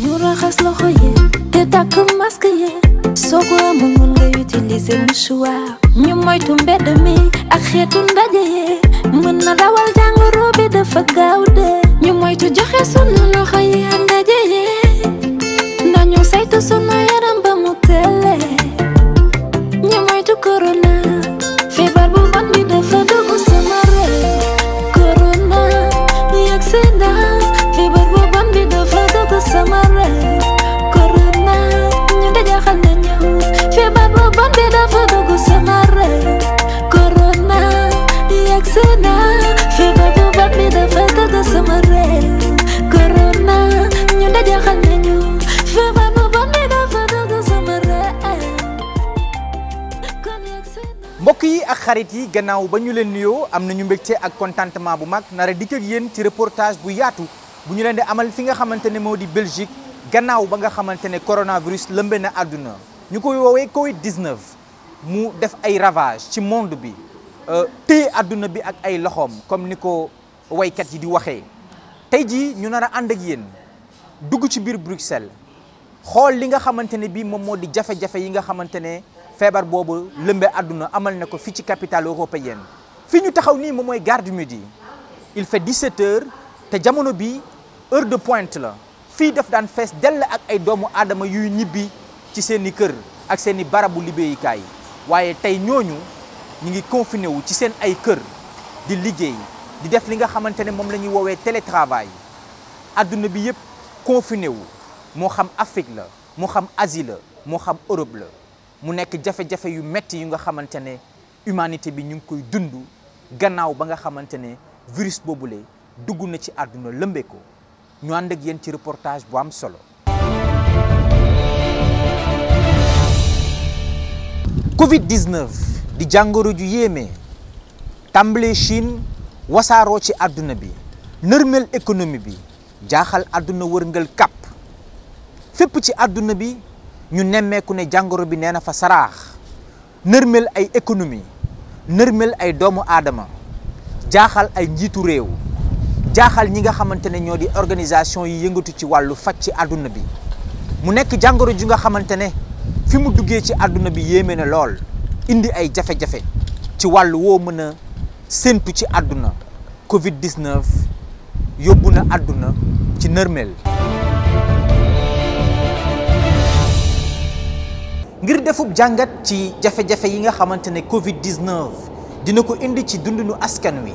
ñu raxas loxo yi te takk masque yi soo ko amul mun nga utiliser mouchoir ñu moytu mbedd mi ak xeetu ndaje yi mën na dawal jàngoro bi dafa gaaw de ñu moytu joxe sunu loxo yi ak ndaje yi nañu saytu sunu yaram ba mu tële ñu moytu corona ak xarit yi gannaaw ba ñu leen nuyoo am na nañu mbégte ak contentement bu mag nara dikk ak yéen ci reportage bu yaatu bu ñu leen di amal fi nga xamante ne moo di Belgique gannaaw ba nga xamante ne coronavirus lëmbe na àdduna ñu koy woowee Covid 19 mu def ay ravage ci monde bi euh, te àdduna bi ak ay loxoom comme ni ko waykat yi di waxee tey ji ñu nar a ànd ak yéen dugg ci biir Bruxelles xool li nga xamante ne bii moom moo di jafe-jafe yi nga xamante ne. feebar boobu lëmbe àdduna amal na ko fii ci capital européenne fii ñu taxaw nii moom mooy gare du Midi il fait 17 te jamono bi heure de pointe la fii daf daan fees dell ak ay doomu aadama yuy ñibbi ci seen i kër ak seen i barabu liggéeyukaay waaye tey ñooñu ñu ngi confiné wu ci seen ay kër di liggéey di def li nga xamante ne moom lañuy woowee télétravail adduna bi yëpp confiné wu moo xam Afrique la moo xam Asie la moo xam Europe la. mu nekk jafe-jafe yu metti yu nga xamante ne humanité bi ñu ngi koy dund gannaaw ba nga xamante ne virus boobule dugg na ci àdduna lëmbee ko ñu ànd ak yéen ci reportage bu am solo. Covid 19 di jàngoro ju yéeme tàmbalee Chine wasaaroo ci àdduna bi nërmeel économie bi jaaxal àdduna wërngal kàpp fépp ci àdduna bi. ñu nemmeeku ne jàngoro bi nee na fa saraax nërmel ay économie nërmel ay doomu aadama jaaxal ay njiitu réew jaaxal ñi nga xamante ne ñoo di organisation yi yëngatu ci wàllu faj ci àdduna bi mu nekk jàngoro ji nga xamante ne fi mu duggee ci àdduna bi yéeme na lool indi ay jafe-jafe ci wàllu woo mën a séentu ci àdduna Covid 19 yóbbu na àdduna ci nërmeel. ngir defub jàngat ci jafe-jafe yi nga xamante ne Covid 19 dina ko indi ci dundinu askan wi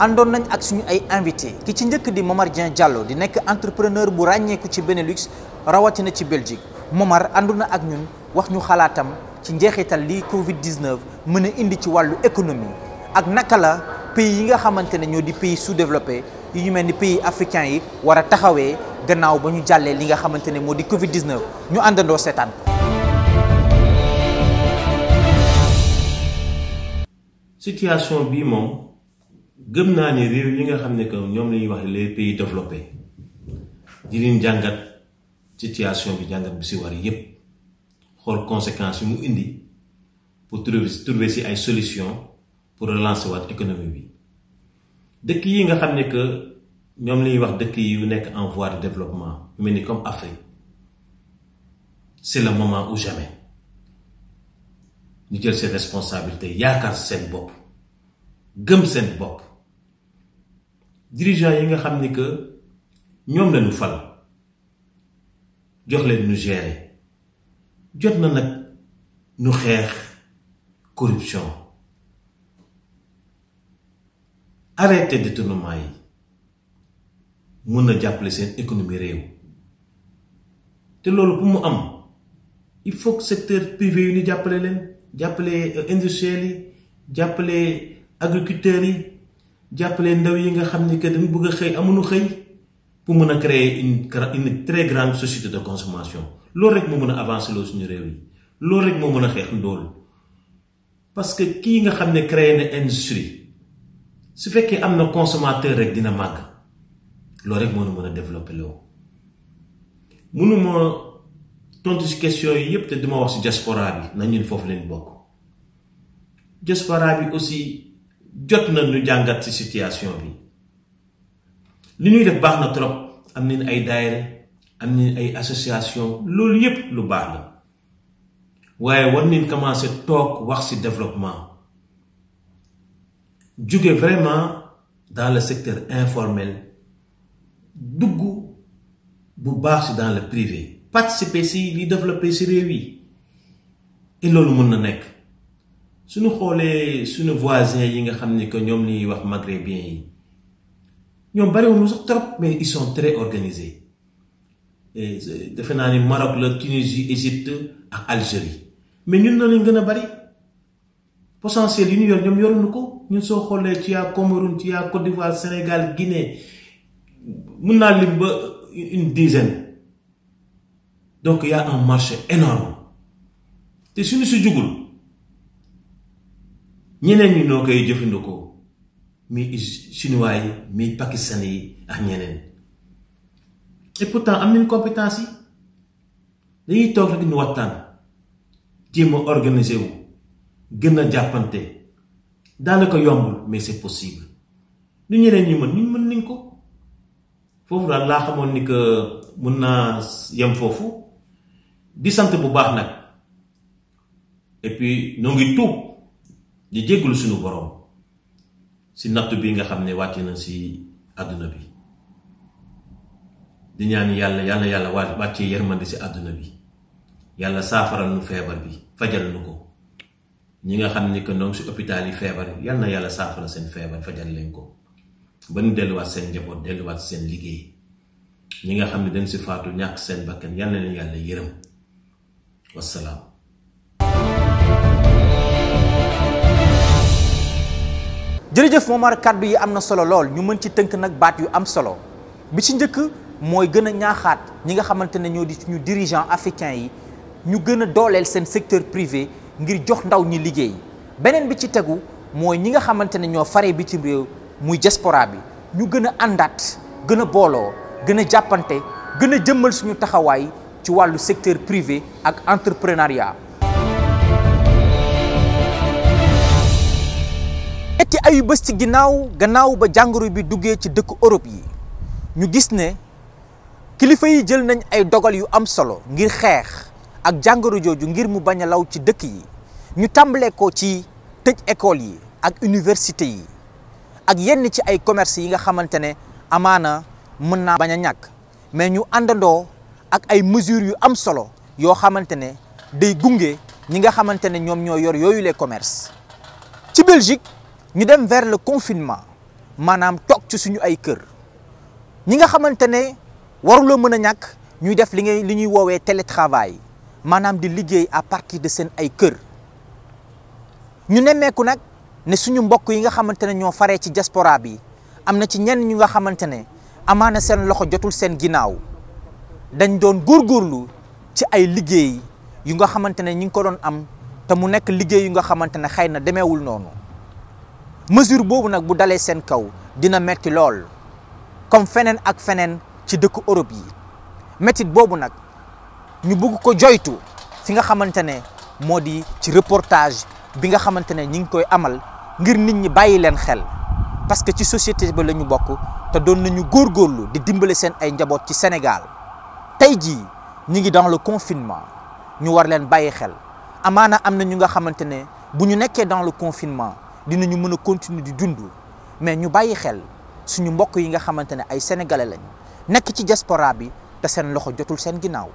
àndoon nañ ak suñu ay invité ki ci njëkk di Momar Dieng Diallo di nekk entrepreneur bu ràññeeku ci Benelux rawatina ci Belgique Momar àndu na ak ñun wax ñu xalaatam ci njeexital li Covid 19 mën a indi ci wàllu économie ak naka la pays yi nga xamante ne ñoo di pays sous-développé yi ñu mel ni pays africain yi war a taxawee gannaaw ba ñu jàllee li nga xamante ne moo di Covid 19 ñu àndandoo seetaan situation bii moom gëm naa ni réew ñi nga xam ne que ñoom la ñuy wax les pays développés di leen jàngat situation bi jàngat bi si war yépp xool conséquence yi mu indi pour trouver trouver si ay solutions pour relancer waat économie bi dëkk yi nga xam ne que ñoom la ñuy wax dëkk yi yu nekk en voie développement mel ni comme Afrique c'est le moment ou jamais. ñu jël seen responsabilité yaakaar seen bopp gëm seen bopp dirigeant yi nga xam ni que ñoom lañu fal jox leen ñu gérer jot na nag ñu xeex corruption arrêté détournement yi mën na jàppale seen économie réew te loolu bu mu am il faut que secteur privé yu ni jàppale leen jàppale euh, industriels yi jàppale agriculteurs yi jàppale ndaw yi nga xam ni que dañu bëgg a xëy amuñu xëy pour mën a créer une une très grande société de consommation loolu rek moo mën a avancer loo suñu réew yi loolu rek moo mën a xeex ndool parce que kii nga xam ne créer ne industrie su fekkee am na consommateur rek dina màgg loolu rek moo mën a développer loo mënuma tontu si question yi yëpp te duma wax si diaspora bi na ñun foofu leen bokk diaspora bi aussi jot na ñu jàngat ci situation bi li ñuy def baax na trop am nañ ay daayira am nañ ay association loolu yëpp lu baax la waaye war nañ commencé toog wax si développement jóge vraiment dans le secteur informel dugg bu baax si dans le privé participer si li développer si réew yi loolu mën na nekk suñu xoolee suñu voisins yi nga xam ni que ñoom li ñuy wax maghrébien yi ñoom bariwuñu sax trop mais ils sont très organisés defe naa ni Maroc la Tunisie Égypte ak Algérie mais ñun na lañ gën a bari potentiel yi ñu yor ñoom yoruñu ko ñun soo xoolee ci yaa Cameroun ci yaa Côte d'Ivoire Sénégal Guinée mun naa lim ba une dizaine donc y a un marché énorme te suñu si jugul ñeneen ñi noo koy jëfandikoo mi chinois yi mi pakistanais yi ak ñeneen et temps am nañ compétence yi dañuy toog rek ñu waxtaan jéem a organiser wu gën a jàppante daanaka yombul mais c'est possible lu ñeneen ñu mën ñu mën nañ ko foofu daan laa xamoon ni que mën naa yem foofu di sant bu baax nag et puis ngi tuub di jéggalu suñu boroom si nattu bi nga xam ne wàcc na ci àdduna bi di ñaan yàlla yàlla yàlla waa wàccee yërmande si àdduna bi yàlla saafaral nu feebar bi fajal nu ko ñi nga xam ni que ñoo si hôpital yi feebar yal na yàlla saafara seen feebar fajal leen ko ba ñu delluwaat seen njaboot delluwaat seen liggéey ñi nga xam ne dañ si faatu ñàkk seen bakkan yal na leen yàlla yërëm wassalaam jërëjëf Momar kàddu yi am na solo lool ñu mën ci tënk nag baat yu am solo bi ci njëkk mooy gën a ñaaxaat ñi nga xamante ne ñoo di suñu dirigeant africain yi ñu gën a dooleel seen secteur privé ngir jox ndaw ñi liggéey beneen bi ci tegu mooy ñi nga xamante ne ñoo fare bitim réew muy diaspora bi ñu gën a àndaat gën a booloo gën a jàppante gën a jëmmal suñu taxawaay ci wàllu secteur privé ak entrepreneuriat. ñetti ayu bés ci ginnaaw gannaaw ba jàngoro bi duggee ci dëkk Europe yi ñu gis ne kilifa yi jël nañ ay dogal yu am solo ngir xeex ak jàngoro jooju ngir mu bañ a law ci dëkk yi ñu tàmbalee ko ci tëj école yi ak université yi ak yenn ci ay commerce yi nga xamante ne amaana mën naa bañ a ñàkk mais ñu àndandoo. ak ay mesures yu am solo yoo xamante ne day gunge ñi nga xamante ne ñoom ñoo yor yooyu les commerces ci Belgique ñu dem vers le confinement maanaam toog ci suñu ay kër ñi nga xamante ne waruloo mën a ñàkk ñuy def li ngay li ñuy woowee télétravail maanaam di liggéey à partir de seen ay kër ñu nemmeeku nag ne suñu mbokk yi nga xamante ne ñoo faree ci diaspora yi am na ci ñenn ñu nga xamante ne amaana seen loxo jotul seen ginnaaw. dañ doon góor góorlu ci ay liggéey yu nga xamante ne ñi ngi ko doon am te mu nekk liggéey yu nga xamante ne xëy na demeewul noonu mesure boobu nag bu dalee seen kaw dina metti lool comme feneen ak feneen ci dëkk Europe yi métit boobu nag ñu bëgg ko joytu fi nga xamante ne moo di ci reportage bi nga xamante ne ñi ngi koy amal ngir nit ñi bàyyi leen xel parce que ci société ba lañu ñu bokk te doon nañu góorlu di dimbale seen ay njaboot ci Sénégal tey jii ñu ngi dans le confinement ñu war leen bàyyi xel amaana am na ñu nga xamante ne bu ñu nekkee dans le confinement dinañu mën a continuer di dund mais ñu bàyyi xel suñu mbokk yi nga xamante ne ay sénégalais lañ nekk ci diaspora bi te seen loxo jotul seen ginnaaw.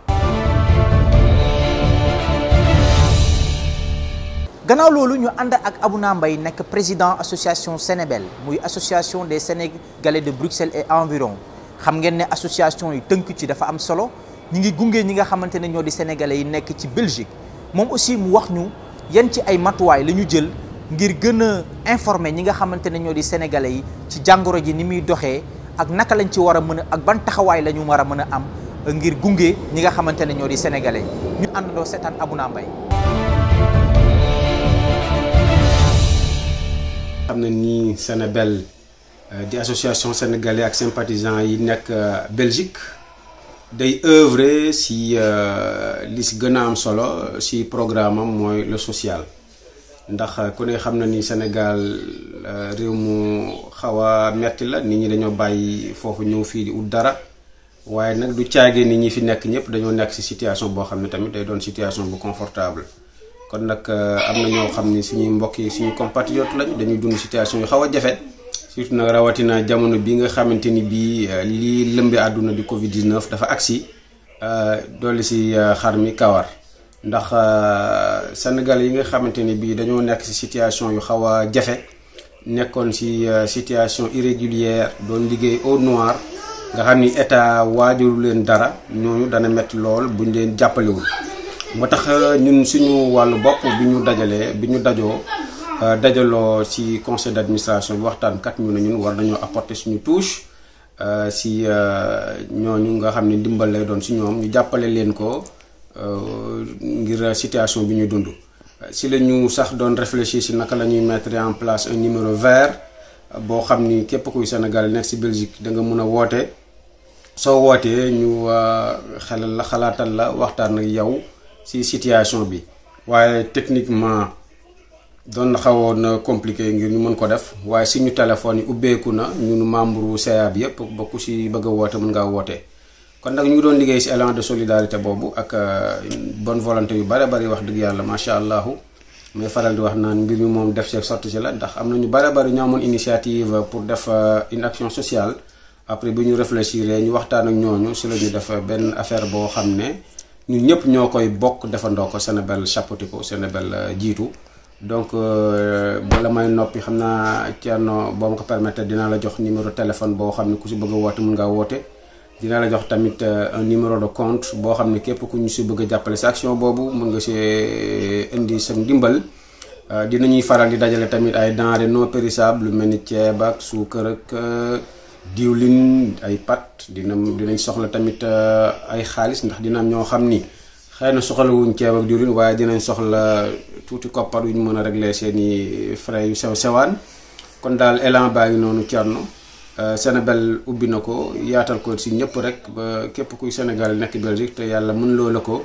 gannaaw loolu ñu ànd ak Abouna Mbaye nekk président association Sénébel muy association des sénégalais de Bruxelles et environ. xam ngeen ne association yi tënk ci dafa am solo ñi ngi gunge ñi nga xamante ne ñoo di sénégalais yi nekk ci Belgique moom aussi mu wax ñu yan ci ay matuwaay la ñu jël ngir gën a informer ñi nga xamante ne ñoo di sénégalais yi ci jàngoro ji ni muy doxee ak naka lañ ci war a mën a ak ban taxawaay lañu ñu war a mën a am ngir gunge ñi nga xamante ne ñoo di sénégalais ñu àndandoo seetaan Abouna Mbaye am na ni Sénégal Euh, di association sénégalais ak sympathisants yi nekk euh, Belgique day œuvrer si euh, li si gën a am solo si programme am mooy le social ndax ku ne xam na ni Sénégal réew mu xaw a metti la nit ñi dañoo bàyyi foofu ñëw fii di ut dara waaye nag du caagee nit ñi fi nekk ñëpp dañoo nekk si situation boo xam ne tamit day doon situation bu confortable kon nag am na ñoo xam ni suñuy mbokk yi suñuy compatriotes lañu dañuy dund situation yu xaw a jafe. surtout rawatina jamono bi nga xamante ni bii euh, lii lëmbi àdduna di Covid 19 dafa agsi euh, dolli si euh, xar mi kawar ndax Sénégal yi nga xamante ni bii dañoo nekk si situation yu xaw a jafe nekkoon si situation irrégulière doon liggéey au noir nga xam ni état waajuru leen dara ñooñu dana metti lool buñ leen jàppalewul moo tax ñun suñu wàllu bopp bu ñu dajalee bi ñu dajoo. Euh, dajaloo ci conseil d'administration bi waxtaan kat ñu ne ñun war nañoo apporter suñu touche euh, si euh, ñooñu nga xam ne ndimbal lay doon si ñoom ñu jàppale leen ko ngir situation bi ñuy dund. si la ñu sax doon réfléchir si naka la ñuy mettre en place un numéro vert boo xam ni képp kuy Sénégal nekk si Belgique da nga mun a woote soo wootee ñu xelal la xalaatal la waxtaan ak yow si situation bi waaye techniquement. doon na xawoon euh, compliqué ngir ñu mën ko def waaye suñu téléphone yi ubbeeku na ñu nu membre wu bi yëpp ba ku si bëgg woote mën ngaa woote kon nag ñu ngi doon liggéey si élan de solidarité boobu ak euh, bon volonté yu bare bari wax dëgg yàlla macha allah mais faral di wax naan mbir mi moom def see sotti si la ndax am na ñu bare bari ñu amoon initiative pour def euh, une action sociale après bi ñu réfléchir ñu waxtaan ak ñooñu si la ñu def benn affaire boo xam ne ñun ñëpp ñoo koy bokk defandoo ko Sénégal chapeauté ko Sénégal jiitu. donc euh, bala may noppi xam naa Thierno boo ma ko permettre dinaa la jox numéro téléphone boo xam ne ku si bëgg a woote mun ngaa woote dinaa la jox tamit euh, numéro de compte boo xam ne képp ku ñu si bëgg jàppale sa boobu mun nga si euh, indi sa ndimbal dinañuy faral di dajale tamit ay denrées non lu mel ni ceeb ak suukar ak diwlin ay pat dina mu dinañ soxla tamit ay xaalis ndax dina am ñoo xam ni xëy na soxla wuñ ceeb ak diwlin waaye dinañ soxla. tuuti koppar yu ñu mën a régler seen i frais yu sew sewaan kon daal élan baa ngi noonu Thierno euh, Sénégal ubbi na ko yaatal ko si ñëpp rek ba képp kuy Sénégal nekk Belgique te yàlla mën loo la ko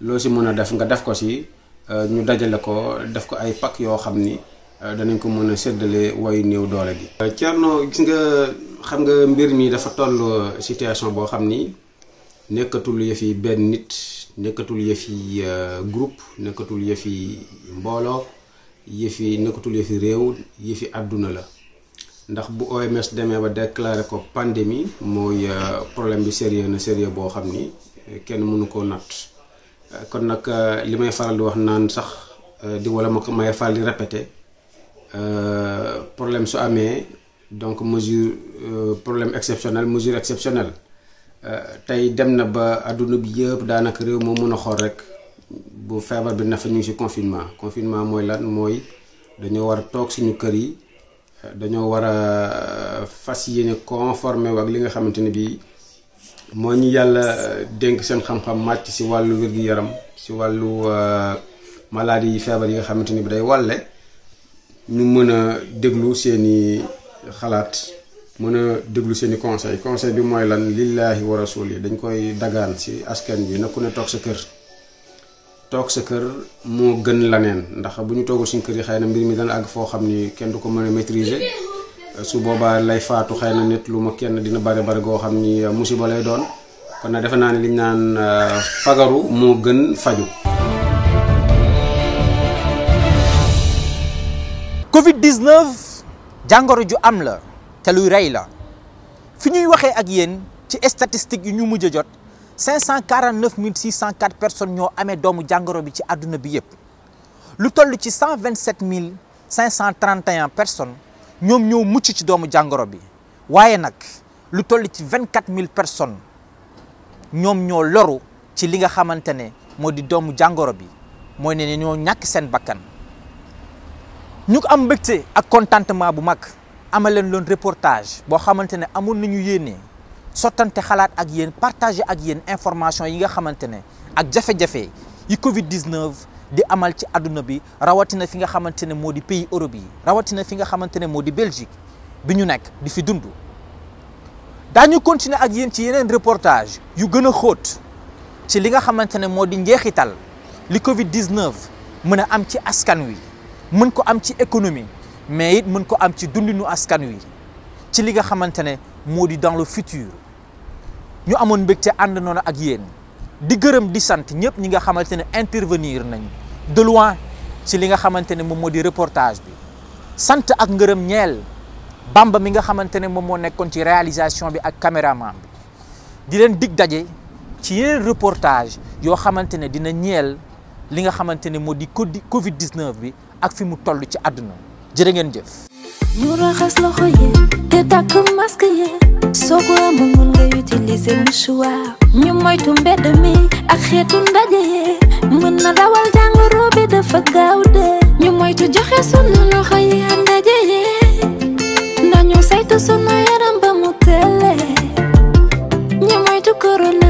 loo si mën a def nga def ko si euh, ñu dajale ko def ko ay pak yoo xam ni euh, danañ ko mën a séddale way néew doole gi. Thierno gis nga xam nga mbir mi dafa toll situation boo xam ni nekkatul yëf yi benn nit. nekkatul yëf yi euh, groupe nekkatul yëf yi mbooloo yëf yi nekkatul yëf yi réew yëf yi àdduna la ndax bu OMS demee ba déclaré ko pandémie mooy euh, problème bi sérieux na sérieux boo xam ni euh, kenn mënu koo natt kon nag li may faral di wax naan sax di wala ma ko may faral di répété problème su amee donc mesure problème exceptionnel mesure exceptionnelle Euh, tey dem na ba àdduna bi yëpp daanaka réew moo mën a xool rek bu feebar bi na fa ñu ngi confinement confinement mooy lan mooy dañoo war a toog suñu kër yi euh, dañoo war a euh, fas yéene conformé ak li nga xamante ne bii moo ñu yàlla dénk seen xam-xam màcc ci wàllu wér-gu-yaram si wàllu maladie yi feebar yi nga xamante ni bi day wàlle ñu mën a déglu seeni xalaat mën a déglu seen i conseil conseil bi mooy lan lillaahi wa rasul yi dañ koy dagaan ci askan bi na ku ne toog sa kër toog sa kër moo gën laneen ndax bu ñu toogul suñ kër yi xëy na mbir mi dana ak foo xam ni kenn du ko mën a maîtriser su boobaa lay faatu xëy na nit lu ma kenn dina bare bare goo xam ni uh, musiba lay doon kon na defe naa ne liñ naan uh, fagaru moo gën faju covid 19 jàngoro ju am la te luy rey la fi ñuy waxee ak yéen ci statistiques yi ñu mujj a jot 549 604 personnes ñoo amee doomu jàngoro bi ci àdduna bi yëpp lu toll ci 127 531 personnes ñoom ñoo mucc ci doomu jàngoro bi waaye nag lu toll ci 24 000 personnes ñoom ñoo loru ci li nga xamante ne moo di doomu jàngoro bi mooy ne ñoo ñàkk seen bakkan ñu ko am mbégte ak contentement bu mag. amaleen loon reportage boo xamante ne amoon nañu yéene sottante xalaat ak yéen partage ak yéen information yi nga xamante ne ak jafe-jafe yi Covid 19 di amal ci àdduna bi rawatina fi nga xamante ne moo di pays Europe yi rawatina fi nga xamante ne moo di Belgique bi ñu nekk di fi dund. daañu continuer ak yéen ci yeneen reportage yu gën a xóot ci li nga xamante ne moo di njeexital li Covid 19 mën a am ci askan wi mën ko am ci économie. mais it mën ko am ci dundinu askan wi ci li nga xamante ne moo di dans le futur ñu amoon mbégte ànd noonu ak yéen di gërëm di sant ñëpp ñi nga xamante ne intervenir nañ de loin ci li nga xamante ne moom moo di reportage bi sant ak ngërëm ñeel mi nga xamante ne moom moo nekkoon ci réalisation bi ak caméraman di leen dig daje ci yeneen reportage yoo xamante ne dina ñeel li nga xamante ne moo di Covid 19 bi ak fi mu toll ci àdduna jërë ngeen jëf. ñu raxas loxo yi te takk masque yi soo ko amul mun nga utiliser mouchoir ñu moytu mbedd mi ak xeetu ndaje yi mën na dawal jàngoro bi dafa gaaw de ñu moytu joxe sunu loxo yi ak ndaje yi ndax ñu saytu sunu yaram ba mu tële ñu moytu corona.